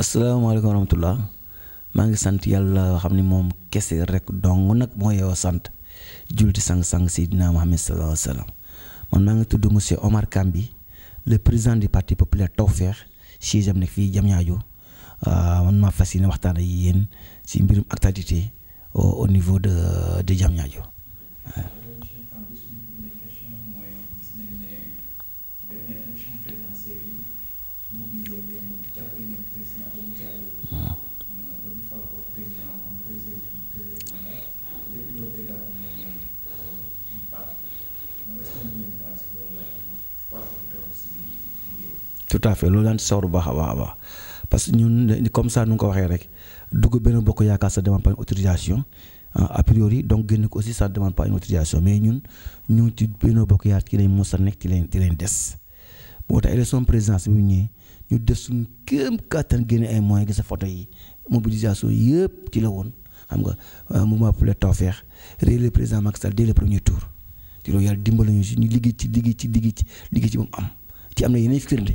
asalaamaaleykum wa rahmatullah maa ngi sant yàlla xam ni moom kese rek dong nag moo yow sant julti sang-sang Seydina Muhammad sallallahu alayhi wa sallam man maa ngi tudd monsieur Omar Kambi le président du parti populaire Tawfekh siège am nekk fii Diamniadio ah, man maa fas yéene waxtaan ak yéen si mbirum actualité au niveau de de Diamniadio tout à fait loolu daan ci sawar bu baax a baax a baax parce ñun comme ça nu ko waxee rek dugg benn bokk yaakaar sa demande pas une autorisation a priori donc génn ko aussi ça demande pas une autorisation mais ñun ñu ci benn bokk yaakaar ci lañ mos a nekk ci lañ des. boo tax élection présidence bi ñëwee ñu def suñu kattan génne ay moyens gi sa photo yi mobilisation yëpp ci la woon xam nga euh, mouvement Populaire Tawfekh réew le président Macky sa dès le premier tour ci loolu yàlla dimbali ñu si ñu liggéey ci liggéey ci liggéey ci liggéey ci ba mu am na yeneen firnde.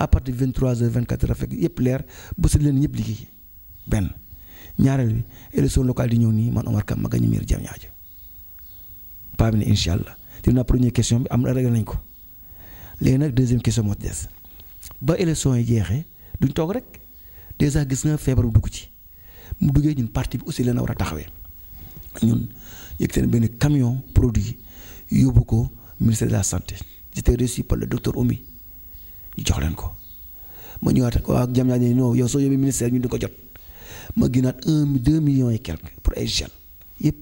à partir de 23h 24h fekk yëpp leer ba si leen ñëpp liggéey benn ñaareel bi élection locale di ñëw nii man Omar Kane ma gañu miir jam ñaajo paa bi ne incha allah te na première question bi am na réglé nañ ko léegi nag deuxième question moo des ba élection yi jeexee duñ toog rek dèjà gis nga feebar bu dugg ci mu duggee ñun partie bi aussi leen a war a taxawee ñun yëg seen benn camion produit yóbbu ko ministère de la santé j'étais reçu par le leen ko Je ko la maison. non ñu di ko jot millions et quelque pour les jeunes yëpp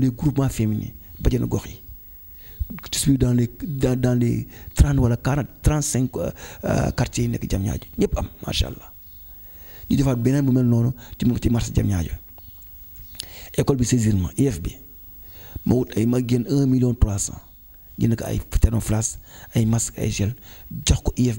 les groupements féminins gox je suis dans les dans dans les trente wala quarante trente euh, euh, quartiers yi nekk Diamniadio am Machallah. ñu defaat beneen bu mel noonu suis mu ci marché Je école bi ma IEF wut ay un million trois cent jënd ko ay masque ay gel jox ko IEF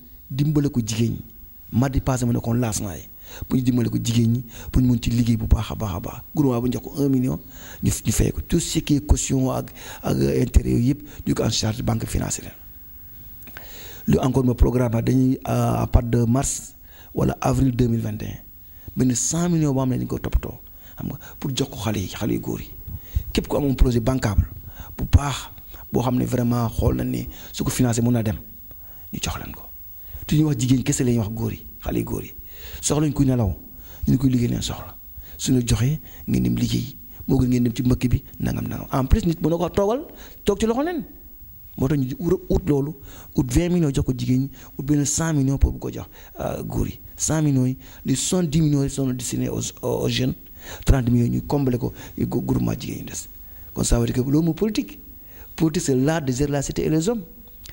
dimbale ko jigéen ñi mardi passé ma ne kon laas naay pour ñu dimbale ko jigéen ñi pour ñu mun ci liggéey bu baax a baax a baax gouvernement bu ñu jox ko un million ñu ñu ko tout ce qui est caution ak ak intérêt yooyu yëpp ñu ko en charge banque financière lu encore ma programme la dañuy euh, à partir wala avril deux mille vingt et un benn cent millions boo xam ne dañu ko toppatoo xam nga pour jox ko xale yi xale yu góor yi képp ko amoon projet bancable bu baax boo xam ne vraiment xool nañ ni su ko financé mun naa dem ñu jox leen ko. tu ñu wax jigéen kese la ñuy wax góor yi xale yu góor yi soxlañ ku nelaw ñu ne koy liggéey leen soxla suñu joxee ngeen dem liggéey moo gën ngeen dem ci mbëkk bi nangam nangam en plus nit mën na ko toogal toog ci loxo leen moo tax ñu di ut loolu ut 20 millions jox ko jigéen ñi ut benn 100 millions pour bu ko jox euh, góor yi 100 millions yi li 70 millions yi sont destinés aux aux jeunes 30 millions ñu combler ko groupement jigéen ñi des kon la cité et les hommes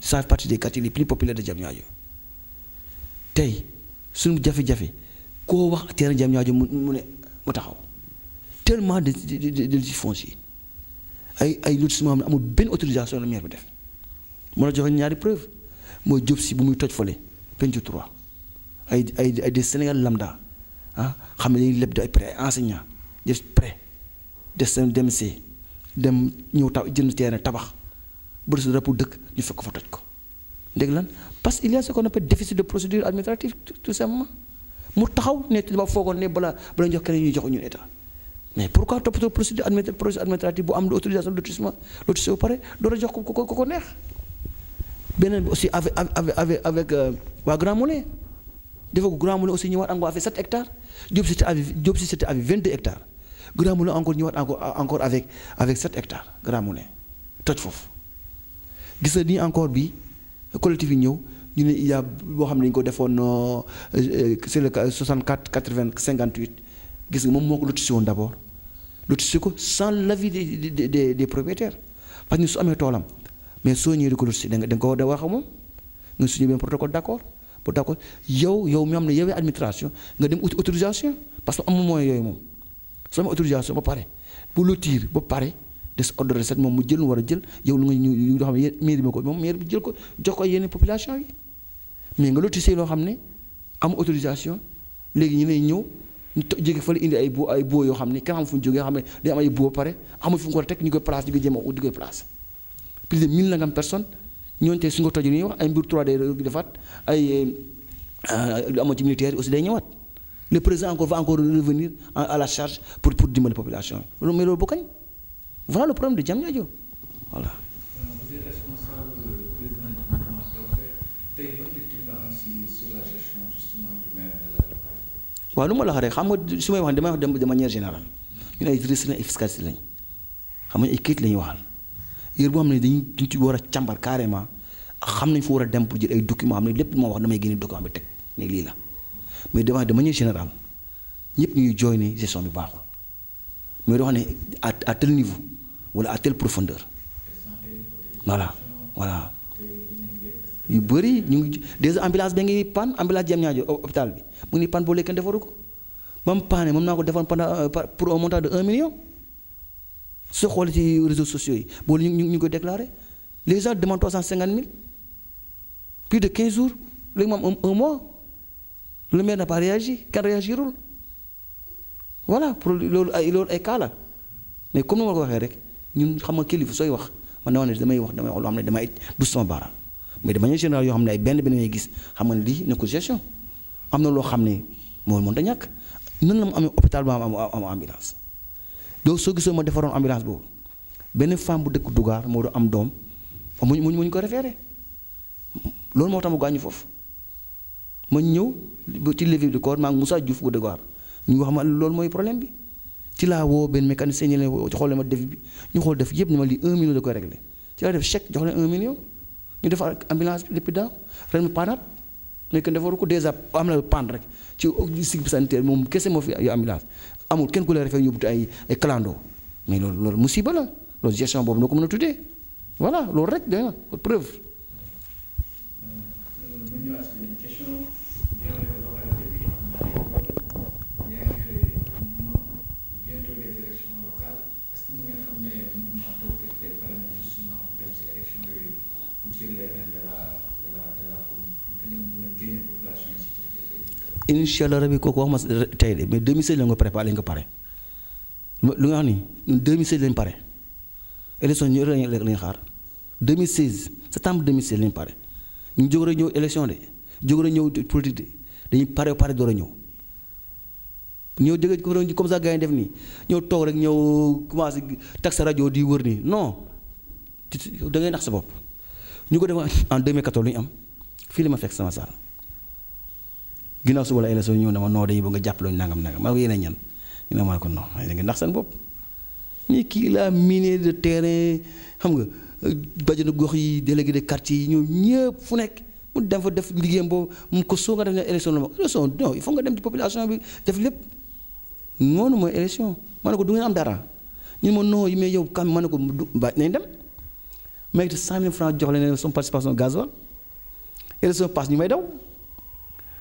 ça fait partie des quartiers les plus populaires de Diamniadio tey suñu jafe-jafe koo wax terrain Diamniadio mu mu ne mu taxaw tellement de de de de foncier ay ay lotissement am amul benn autorisation la maire bi def mën a joxe ñaari preuve mooy job si bu muy toj fale 23. 3 ay ay des Sénégal lambda ah xam ne dañuy leb di ay prêt enseignant def prêt des seen dem see dem ñëw ta jënd terrain tabax. bërës rapu dëkk ñu fekk fa toj ko dégg lan parce que il y a ce qu'on appelle déficit de procédure administrative tout simplement mu taxaw ne dafa foogoon ne balaa bala jox keneen ñuy jox ñun état mais pourquoi toppatoo procédure administrative bu am autorisation de lotissement lotissé ba pare door a jox ko ko ko neex. beneen bi aussi avec avec avec euh, waa Grand Moulin dafa Grand Moulin aussi ñëwaat encore avec 7 hectares Diop Cité avec Diop Cité avec 22 hectares Grand Moulin encore ñëwaat encore encore avec avec 7 hectares Grand toj foofu. gis ni encore bi collectif yi ñu ne il y a boo xam ne ko defoon euh, euh, c'est le 64 80 58 gis nga moom moo ko lotissé woon d' abord lotissé ko sans l'avis avis des des des des propriétaires parce que su amé tolam mais soo ñëwee di ko lotissé da nga da nga da wax moom nga suñu benn protocole d'accord pour d'accord, yow yow mi xam ne yow administration nga dem autorisation parce que amul moyen yooyu moom soo amee autorisation ba pare pour lotir ba paré désordre de moom mu jël war a jël yow lu nga ñu yoo xam ne mairie bi ko moom mairie bi jël ko jox ko yenn population yi mais nga lotissé loo xam ne am autorisation léegi ñu lay ñëw ñu jóge fa la indi ay boo ay boo yoo xam ne kenn xam xam ne ay boo pare amul fu mu ko teg ñu koy place ñu a di koy place plus de mille nangam personnes ñooñu tey su ñu ko tojee wax ay mbir 3D di defaat ay euh, lu amoon ci militaire aussi day ñëwaat le président encore va encore revenir à la charge pour pour dimbali population mais loolu Voilà le problème de Diamniadio. Voilà. Vous êtes responsable, euh, président du mouvement d'affaires. T'as une bonne sur la gestion justement du maire de la localité. waaw lu ma la wax rek xam nga su wax damay wax de manière générale ñu ne ay juristes lañ fiscalistes lañ xam nga ay kayit la ñuy waxal yër boo xam ne dañuy dañ ci carrément xam nañ fa war a dem pour jël ay documents xam ne lépp lu ma wax damay génne document bi teg ne lii la mais de manière générale ñëpp ñuy jooy ne gestion bi baaxul mais on est à à tel niveau wala à telle profondeur voilà voilà yu bëri ñu ambulances, déjà ambulance ba ngi pan ambulance jam hôpital bi mu ngi pan boo lekkee defaru ko ba mu paane moom naa ko pendant euh, pour un montant de 1 million soo xoolee ci réseaux sociaux yi boole ñu ñu ko déclaré les gens demandent 350 000. plus de 15 jours léegi moom un mois le maire n'a pas réagi kan réagirul voilà pour loolu ay loolu ay cas la mais comme ni ma ko waxee rek ñun xam ma kilifa sooy wax ma ne dama ne damay wax damay wax loo xam ne damay du sama baaraam mais de manière yoo xam ne ay benn benn ngay gis xam nga ne lii négociation am na loo xam ne mooy mënta ñàkk nan la mu amee hôpital ba am am ambulance. donc soo gisoo ma defaroon ambulance boobu benn femme bu dëkk Dugaar moo doon am doom muñ muñ muñ ko référé loolu moo tax mu gaañu foofu ma ñëw ci levée du corps maa ngi Moussa Diouf ñu wax ma loolu mooy problème bi ci laa woo benn mécanicien ñu leen woo xool ma def bi ñu xool def yëpp ni ma lii 1 million da koy réglé ci laa def chèque jox leen 1 million ñu defar ambulance bi depuis daaw ren mu paanaat mais kenn defaru ko dèjà am na paan rek ci cycle sanitaire moom kese moo fi ay ambulance amul kenn ku la refee yóbbu ay ay clando mais loolu loolu musiba la loolu gestion boobu noo ko mën a tuddee voilà loolu rek doy incha allah rabi kooku wax ma tey de mais 2016 la nga préparé lañ ko pare lu nga wax ni ñun 2016 lañ pare élection ñu lañ xaar 2016 septembre 2016 lañ pare ñu jóg rek ñëw élection de jóg rek ñëw politique de dañuy pare pare door a ñëw ñëw jóge comme ça gars yi def nii ñëw toog rek ñëw commencé tax sa rajo di wër nii non da ngay nax sa bopp ñu ko def en 2014 lu ñu am fii la ma fekk sama saal. ginnaaw suba la élection ñëw na ma noo dañuy bëgg nga jàppale ñu nangam nangam ma a ñan ñu kii la miné de terrain xam nga bajenu gox yi délégué de quartier yi ñoom ñëpp fu nekk mu dem fa def liggéeyam boobu mu ko soo nga def ne élection la ma élection dem ci population bi def lépp noonu mooy élection ma ne ko du ngeen am dara ñu ma non mais yow kam ma ne ko du ba nañ dem ma it 100000 francs jox leen sama participation gasoil élection passe ñu may daw.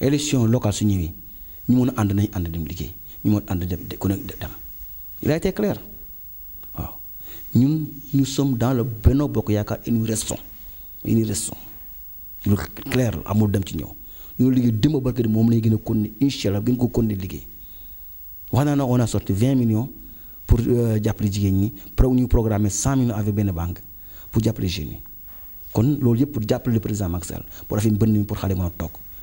élection locale local signé. ñu mën a ànd nañ a dem liggéey ñu a ànd dem ku nekk il a été clair Nous ñun nous sommes dans le bon Bokk et nous restons et nous restons est clair amul dem ci ñëw ñu liggéey démb barke di moom la ñu gën a continuer incha allah gën ko continuer on a sorti 20 millions pour euh, jàppale jigéen ñi pro ñu programmer 100 millions avec benn banque pour jàppale jeunes yi kon loolu yëpp pour jàppale le président Macky pour pour une bonne mi pour xale mën a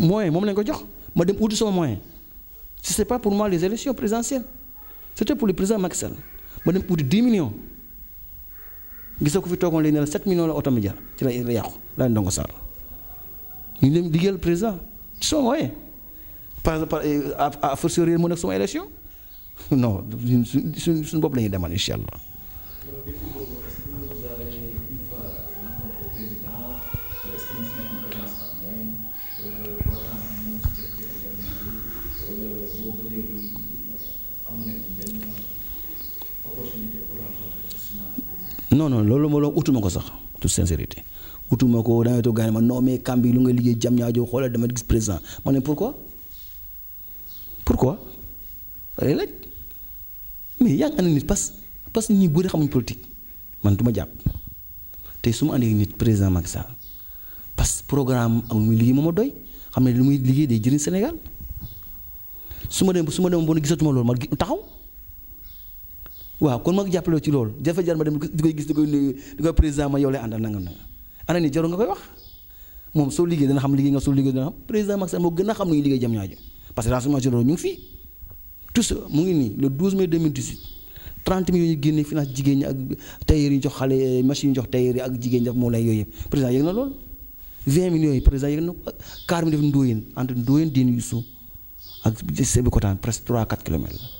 Moins, moom lañ ko jox ma dem uti sama moyen si c'est pas pour moi les élections présidentielles c'était pour le président Maxel. Madame, ma dem 10 millions gisoo ko fi toogoon léegi 7 millions la oto mi jar ci la yàqu laa leen Ndongo Sarr ñu dem liggéeyal président tu sama moyen par euh, à force son élection non je ne bopp pas ñuy demal incha non non lolou mo lo utuma ko sax toute sincérité utuma ko da ngay to gane ma non mais kambi lu nga liggéey jam ñaajo xoolal dama gis président mané pourquoi pourquoi lay laaj mais yaa ngi nit parce parce que ñi bëri xamuñ politique man duma japp jàpp suma su nit président Macky Sall parce programme am mi liggéey moo ma doy xamné lu muy liggéey day jëriñ Sénégal suma dem suma dem ba gisatuma lolou ma taxaw wa kon ma jappelo ci lol jafé jarma dem di gis di nuyu di président ma yow lay àndal nangam nangam ana ni jaru nga koy wax mom so liggé dana xam liggé nga so liggé dana président mak sa mo gëna xam lu liggé jëm ñaaju parce que rassemblement ci ñu fi tous mu ngi ni le 12 mai 2018 30 millions yu génné génne finance jigéen ñi ak tayeri yi jox xalé machine yi jox tayeri ak jigéen ñi mo lay yoyé président yëg na loolu 20 millions yi président yëg na car mi def ndóoyeen entre yusu ak jissé bi ko tan presque 3 4 kilomètres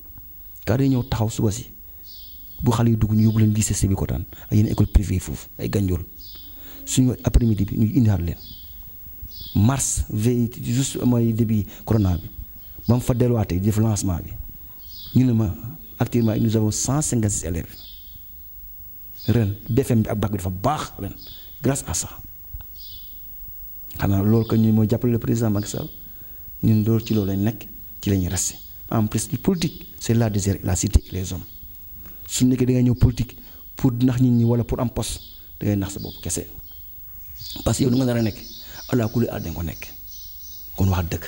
kaa day ñëw taxaw suba si bu xale yi dugg ñu yóbbu leen lycée Sébikotane ak yenn école privée foofu ay gànjool suñu après midi bi ñu indiwaat leen mars vingt juste mooy corona bi ba mu fa delluwaatee def lancement bi ñu ne ma actuellement nous avons cent cinquante six ren BFM bi ak bac bi dafa baax ren grâce à sa xanaa loolu que ñu mooy jàppale le président Macky Sall ñun loolu ci loolu lañ nekk ci lañuy ñuy resté en plus politique. c'est la désert la cité les hommes su nekkee da ñëw politique pour nax nit ñi wala pour am poste da ngay nax sa bopp kese parce que yow li nga nar a nekk allah kulli aal ko nekk kon wax dëkk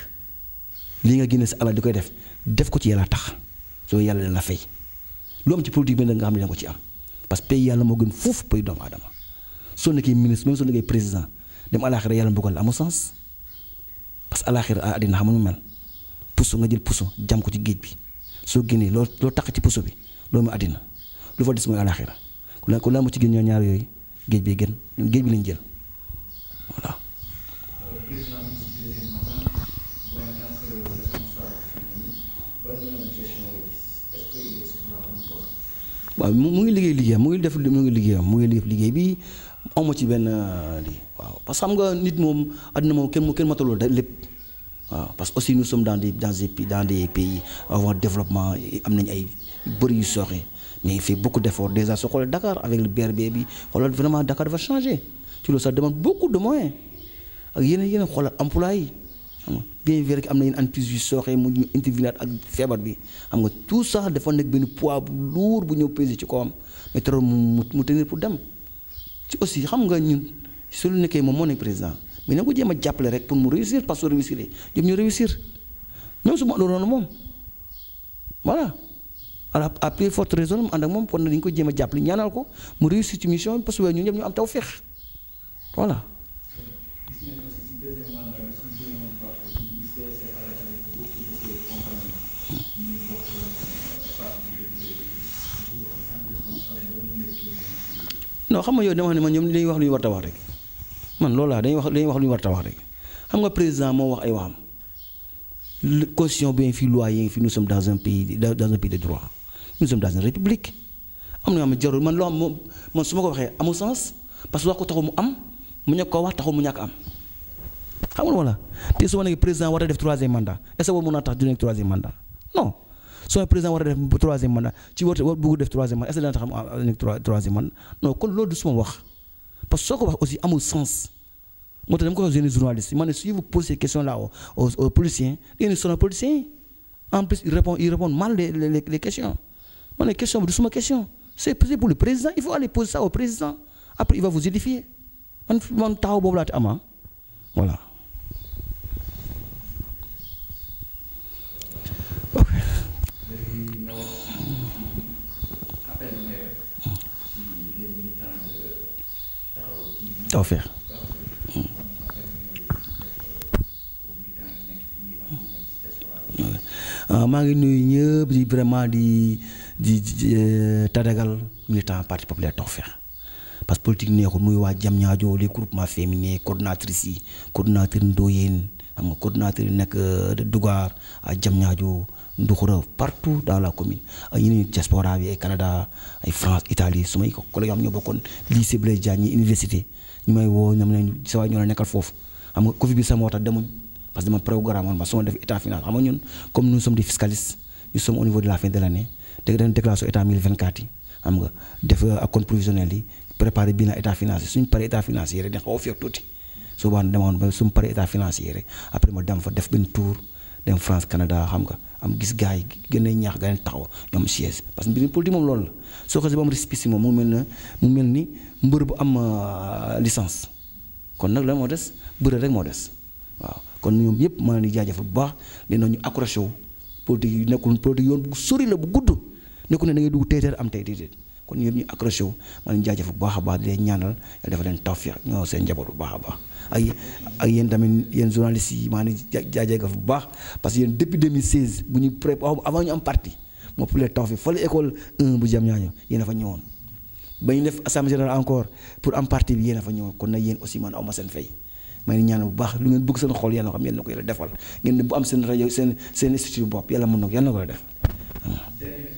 li nga génne sa alal di koy def def ko ci yàlla tax soo yàlla dana la fay lu am ci politique bi nag nga xam ne da ko ci am parce que yàlla moo gën foofu pays doomu aadama soo nekkee ministre même soo nekkee président dem alaxira yàlla mbugal amul sens parce que alaxira ah, àddina xam nga mel puso nga jël puso jam ci géej bi. so gini lo lo tak ci puso bi lo mooy adina lu fa dis mooy alaxira ku la ku la mu ci gën ñoo ñaar yoy geej bi gën geej bi lañ jël voilà. wa mu ngi liggey liggey mu ngi def mu ngi liggey mu ngi def liggey bi amu ci ben euh, li waaw parce que xam nga nit mom àddina mom kenn kenn matalul lepp parce aussi nous sommes dans des dans des dans des pays en développement am nañ ay bëri yu mais il fait beaucoup d'efforts déjà soo xoolee Dakar avec le BRB bi xoolal vraiment Dakar va changer Tu le ça demande beaucoup de moyens ak yeneen yeneen xoolal emploi yi xam nga bien vrai que am na yenn entreprise yu sooxee mu ñu intervenir ak feebar bi xam nga tout ça dafa nekk benn poids bu lourd bu ñëw peser ci kawam mais trop mu mu tenir pour dem ci aussi xam nga ñun su lu nekkee moom président. mais na ko jéem a jàppale rek pour mu réussir parce que réussir ñoom ñu réussir même su ma loolu moom voilà alors à raison mu ànd ak moom kon nañu ko jéem a jàppale ñaanal ko mu réussir ci mission parce que ñun ñëpp ñu am tawféex voilà. non xam ne man ñoom wax lu ñu man loolu laa dañuy wax dañ wax lu ñu war a wax rek xam nga président mo wax ay waxam caution bien fi loi yi fi nous sommes dans un pays dans un pays de droit nous sommes dans une république am na jarul man lo xam moom man su ma ko waxee amul sens parce que wax ko taxu mu am mu ñàkk ko wax taxu mu ñak am xam nga wala te su ma président wara def 3e mandat est ce que war mën tax du 3e mandat non so président wara def 3e mandat ci war bu def 3e mandat est ce que dana tax mu 3e mandat non kon lo du suma wax parce que soo ko wax aussi amul sens moi je dama journalistes si vous posez questions là aux aux policiers sont pas policiers en plus ils répondent ils répondent mal les les les questions vous les question question c'est pour le président il faut aller poser ça au président après il va vous édifier Voilà. man taxaw ah. voilà. maa ngi nuyu ñëpp di vraiment di di euh, tadagal militant parti populaire Tawfekh parce que politique neexul muy waa jam ñaajoo les groupements féminins coordinatrices yi coordinateur Ndoyeen xam am coordinateur yi nekk euh, Dougar ak jam ñaajoo Nduxura partout dans la commune ak ñeneen diaspora bi ay Canada ay France Italie su may collègue am ñoo bokkoon lycée Blaise Diagne ñi université ñu may woo ñoom ne sa ñoo la nekkal foofu xam nga Covid bi sax moo demuñ parce que mon programme on va son def état final xam ñun comme nous sommes des fiscalistes nous sommes au niveau de la fin de l'année année dégg dañu déclaration état 2024 yi xam nga def euh, ak compte provisionnel yi préparer bilan état financier suñu paré état financier rek dañ xaw a féex tuuti su boobaa demoon ba suñ paree état financier rek après ma dem fa def ben tour dem France Canada xam nga am gis gaay gëna gën a ñaax gën taxaw ñom siège parce que mbirum politique mom lool la soo xasee ba am récépissé mu mel na mu mel ni mbër bu am euh, licence kon nak la mo dess beure rek mo dess waaw. kon ñoom ñëpp maa ngi jaajëfal bu baax dina ñu accroché wu politique yi nekkul politique yoon bu sori la bu gudd nekkul ne na ngay dugg tey am tey déedéet kon ñoom ñu accroché wu maa ngi jaajëfal bu baax a baax di leen ñaanal yàlla dafa leen tawfeex ñoo seen njaboot bu baax a baax ay ak yéen tamit yéen journalistes yi maa ngi jaajëfal bu baax parce que yéen depuis 2016 bu ñu pré avant ñu am parti moo pour les tawfeex fële école 1 bu jam ñaañu yéen a fa ñëwoon ba ñu def assemblée générale encore pour am parti bi yéen a fa ñëwoon kon nag yéen aussi man aw ma seen fay may ñaan bu baax lu ngeen bëgg seen xol yàlla xam yàlla na ko yàlla defal ngeen bu am seen rajo seen seen institut bopp yàlla mën na ko yàlla na ko def